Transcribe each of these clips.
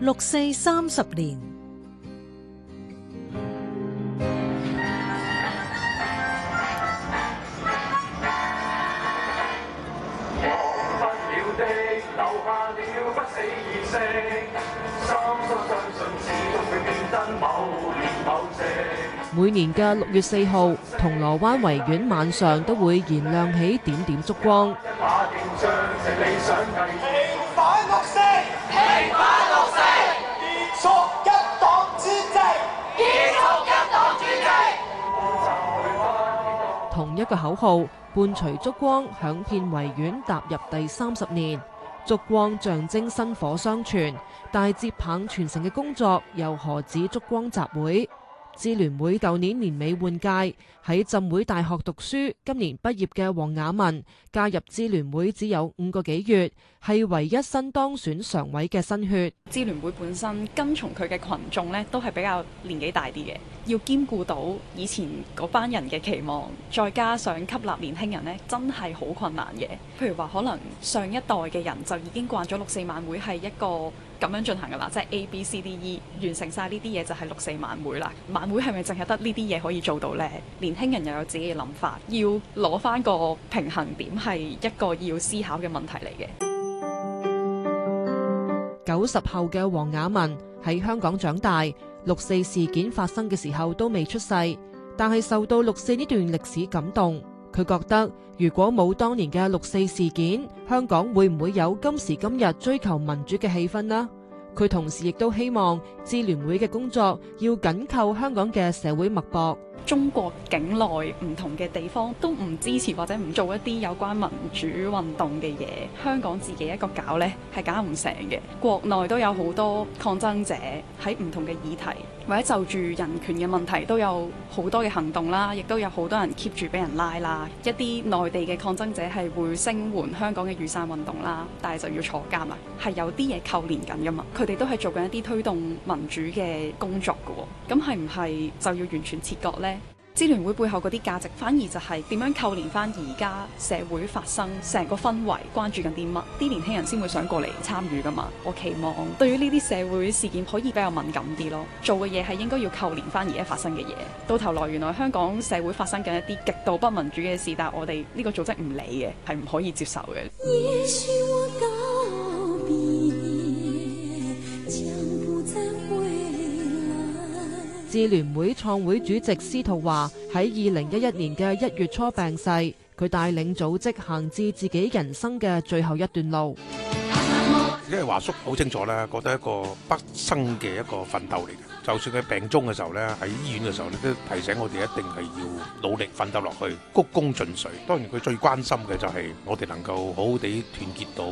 六四三十年，忘不了的留下了不死意識，三生三世始終去競爭某年某夕。每年嘅六月四號，銅鑼灣維園晚上都會燃亮起點點燭光。一把競章，成理想繼承。個口號伴隨燭光響遍維園踏入第三十年，燭光象徵薪火相傳，大接棒傳承嘅工作又何止燭光集會？支聯會舊年年尾換屆。喺浸會大學讀書，今年畢業嘅黃雅文加入支聯會只有五個幾月，係唯一新當選常委嘅新血。支聯會本身跟從佢嘅群眾咧，都係比較年紀大啲嘅。要兼顧到以前嗰班人嘅期望，再加上吸納年輕人咧，真係好困難嘅。譬如話可能上一代嘅人就已經慣咗六四晚會係一個咁樣進行噶啦，即係 A、B、C、D、E 完成晒呢啲嘢就係六四晚會啦。晚會係咪淨係得呢啲嘢可以做到咧？年輕人又有自己嘅諗法，要攞翻個平衡點，係一個要思考嘅問題嚟嘅。九十後嘅黃雅文喺香港長大。六四事件發生嘅時候都未出世，但係受到六四呢段歷史感動，佢覺得如果冇當年嘅六四事件，香港會唔會有今時今日追求民主嘅氣氛呢？佢同時亦都希望支聯會嘅工作要緊扣香港嘅社會脈搏。中國境內唔同嘅地方都唔支持或者唔做一啲有關民主運動嘅嘢，香港自己一個搞呢係搞唔成嘅。國內都有好多抗爭者喺唔同嘅議題，或者就住人權嘅問題都有好多嘅行動啦，亦都有好多人 keep 住俾人拉啦。一啲內地嘅抗爭者係會聲援香港嘅雨傘運動啦，但係就要坐監啊，係有啲嘢扣連緊噶嘛。佢哋都係做緊一啲推動民主嘅工作噶喎，咁係唔係就要完全切割呢？支聯會背後嗰啲價值，反而就係點樣扣連翻而家社會發生成個氛圍，關注緊啲乜？啲年輕人先會想過嚟參與噶嘛。我期望對於呢啲社會事件可以比較敏感啲咯，做嘅嘢係應該要扣連翻而家發生嘅嘢。到頭來，原來香港社會發生緊一啲極度不民主嘅事，但係我哋呢個組織唔理嘅，係唔可以接受嘅。支聯會創會主席司徒華喺二零一一年嘅一月初病逝，佢帶領組織行至自己人生嘅最後一段路。因為華叔好清楚啦，覺得一個畢生嘅一個奮鬥嚟嘅。就算佢病中嘅時候咧，喺醫院嘅時候咧，都提醒我哋一定係要努力奮鬥落去，鞠躬盡瘁。當然佢最關心嘅就係我哋能夠好好地團結到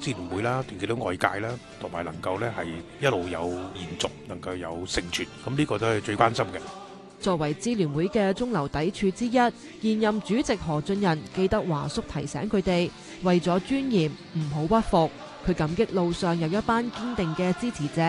支聯會啦，團結到外界啦，同埋能夠咧係一路有延續，能夠有成全。咁呢個都係最關心嘅。作為支聯會嘅中流砥柱之一，現任主席何俊仁記得華叔提醒佢哋，為咗尊嚴唔好屈服。佢感激路上有一班堅定嘅支持者，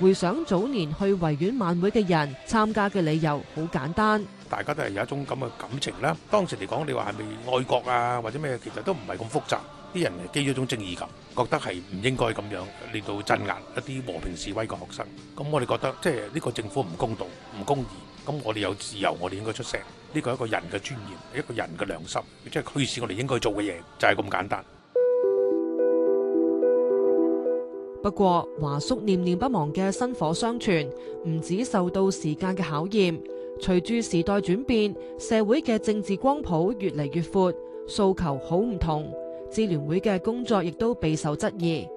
回想早年去維園晚會嘅人，參加嘅理由好簡單，大家都係有一種咁嘅感情啦。當時嚟講，你話係咪愛國啊，或者咩？其實都唔係咁複雜，啲人係基於一種正義感，覺得係唔應該咁樣嚟到鎮壓一啲和平示威嘅學生。咁我哋覺得即係呢個政府唔公道、唔公義。咁我哋有自由，我哋應該出聲。呢個係一個人嘅尊嚴，一個人嘅良心，亦即係驅使我哋應該做嘅嘢，就係咁簡單。不過，華叔念念不忘嘅薪火相傳，唔止受到時間嘅考驗。隨住時代轉變，社會嘅政治光譜越嚟越闊，訴求好唔同，支聯會嘅工作亦都備受質疑。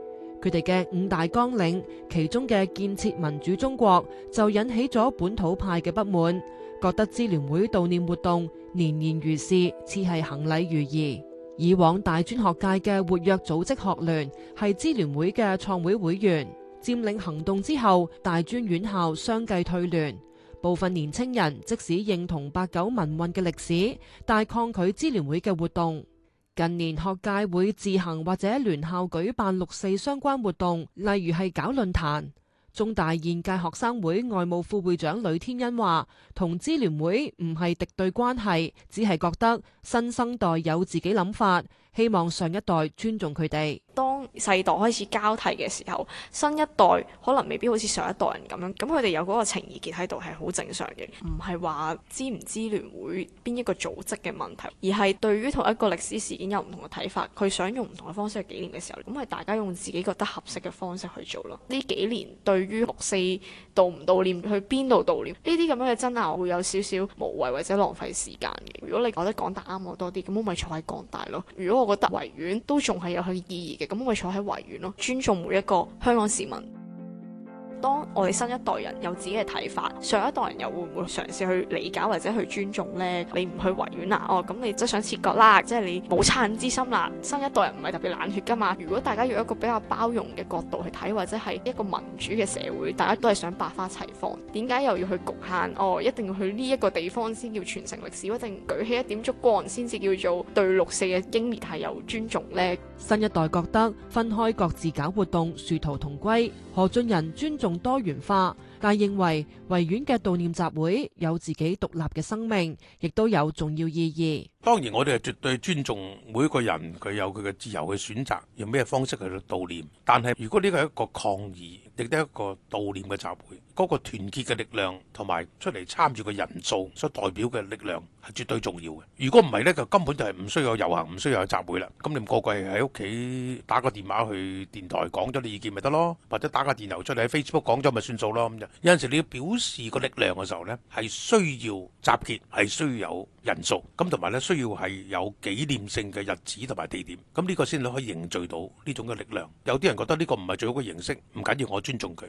佢哋嘅五大綱領，其中嘅建設民主中國就引起咗本土派嘅不滿，覺得支聯會悼念活動年年如是，似係行禮如儀。以往大專學界嘅活躍組織學聯係支聯會嘅創會會員，佔領行動之後，大專院校相繼退聯，部分年青人即使認同八九民運嘅歷史，但抗拒支聯會嘅活動。近年學界會自行或者聯校舉辦六四相關活動，例如係搞論壇。中大現屆學生會外務副會長呂天恩話，同支聯會唔係敵對關係，只係覺得新生代有自己諗法。希望上一代尊重佢哋。當世代開始交替嘅時候，新一代可能未必好似上一代人咁樣，咁佢哋有個情誼結喺度係好正常嘅，唔係話支唔支聯會邊一個組織嘅問題，而係對於同一個歷史事件有唔同嘅睇法，佢想用唔同嘅方式去紀念嘅時候，咁係大家用自己覺得合適嘅方式去做咯。呢幾年對於六四悼唔悼念，去邊度悼念，呢啲咁樣嘅爭拗會有少少無謂或者浪費時間嘅。如果你覺得講得啱我多啲，咁我咪坐喺港大咯。如果我我覺得維園都仲係有佢意義嘅，咁我哋坐喺維園咯，尊重每一個香港市民。當我哋新一代人有自己嘅睇法，上一代人又會唔會嘗試去理解或者去尊重呢？你唔去維園啊？哦，咁你即係想切割啦，即係你冇惻隱之心啦。新一代人唔係特別冷血噶嘛。如果大家要一個比較包容嘅角度去睇，或者係一個民主嘅社會，大家都係想百花齊放。點解又要去局限？哦，一定要去呢一個地方先叫傳承歷史，一定舉起一點燭光先至叫做對六四嘅英烈係有尊重呢？新一代覺得分開各自搞活動殊途同歸，何俊仁尊、尊重多元化，但認為維園嘅悼念集會有自己獨立嘅生命，亦都有重要意義。當然，我哋係絕對尊重每個人佢有佢嘅自由嘅選擇，用咩方式去到悼念。但係如果呢個係一個抗議亦都係一個悼念嘅集會，嗰個團結嘅力量同埋出嚟參與嘅人數所代表嘅力量係絕對重要嘅。如果唔係呢就根本就係唔需要遊行，唔需要有集會啦。咁你個個喺屋企打個電話去電台講咗你意見咪得咯，或者打個電郵出嚟喺 Facebook 講咗咪算數咯。咁有陣時你要表示個力量嘅時候呢，係需要集結，係需要人數咁同埋咧，需要係有紀念性嘅日子同埋地點，咁呢個先可以凝聚到呢種嘅力量。有啲人覺得呢個唔係最好嘅形式，唔緊要，我尊重佢。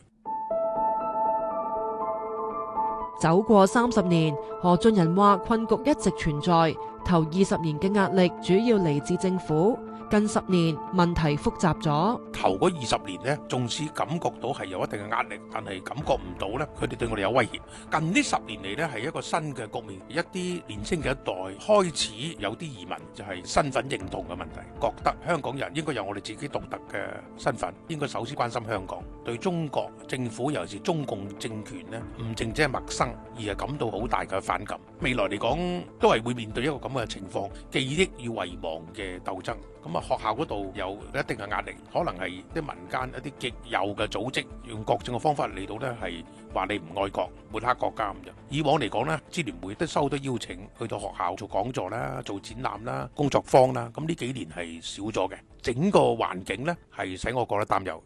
走過三十年，何俊仁話困局一直存在，頭二十年嘅壓力主要嚟自政府。近十年問題複雜咗，頭嗰二十年呢，縱使感覺到係有一定嘅壓力，但係感覺唔到呢，佢哋對我哋有威脅。近呢十年嚟呢，係一個新嘅局面，一啲年輕嘅一代開始有啲疑問，就係身份認同嘅問題，覺得香港人應該有我哋自己獨特嘅身份，應該首先關心香港，對中國政府尤其是中共政權呢，唔淨止係陌生，而係感到好大嘅反感。未來嚟講，都係會面對一個咁嘅情況，記憶與遺忘嘅鬥爭。咁啊～學校嗰度有一定嘅壓力，可能係啲民間一啲極右嘅組織，用各種嘅方法嚟到咧，係話你唔愛國、抹黑國家咁樣。以往嚟講咧，支聯會都收到邀請去到學校做講座啦、做展覽啦、工作坊啦，咁呢幾年係少咗嘅。整個環境咧係使我覺得擔憂。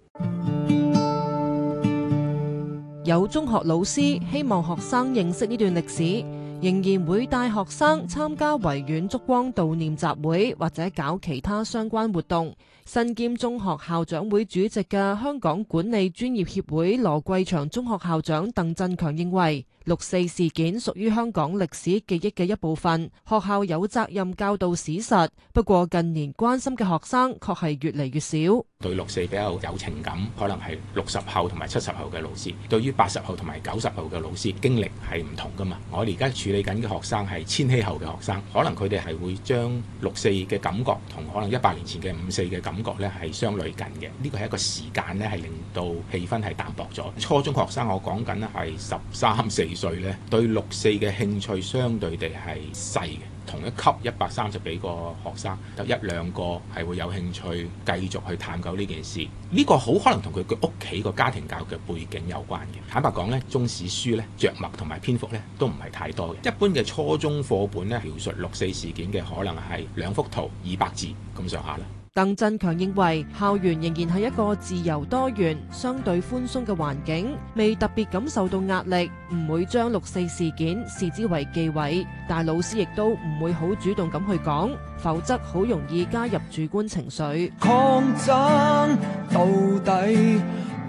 有中學老師希望學生認識呢段歷史。仍然會帶學生參加維園燭光悼念集會，或者搞其他相關活動。身兼中學校長會主席嘅香港管理專業協會羅桂祥中學校長鄧振強認為六四事件屬於香港歷史記憶嘅一部分，學校有責任教導史實。不過近年關心嘅學生確係越嚟越少，對六四比較有情感，可能係六十後同埋七十後嘅老師，對於八十後同埋九十後嘅老師經歷係唔同噶嘛我哋而家處你緊嘅學生係千禧後嘅學生，可能佢哋係會將六四嘅感覺同可能一百年前嘅五四嘅感覺呢係相類近嘅。呢個係一個時間，呢係令到氣氛係淡薄咗。初中學生我講緊咧係十三四歲，呢對六四嘅興趣相對地係細嘅。同一級一百三十幾個學生，有一兩個係會有興趣繼續去探究呢件事，呢個好可能同佢佢屋企個家庭教育嘅背景有關嘅。坦白講呢中史書呢，着墨同埋篇幅呢都唔係太多嘅。一般嘅初中課本呢，描述六四事件嘅，可能係兩幅圖二百字咁上下啦。鄧振強認為，校園仍然係一個自由多元、相對寬鬆嘅環境，未特別感受到壓力，唔會將六四事件視之為忌諱，但老師亦都唔會好主動咁去講，否則好容易加入主觀情緒。抗爭到底，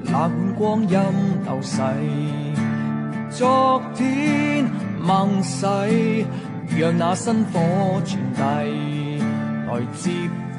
哪管光陰流逝，昨天盟誓，讓那薪火傳遞，來接。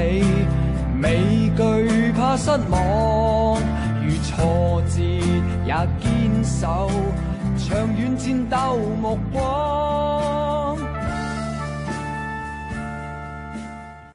你未懼怕失望，如挫折也堅守，長遠戰鬥目光。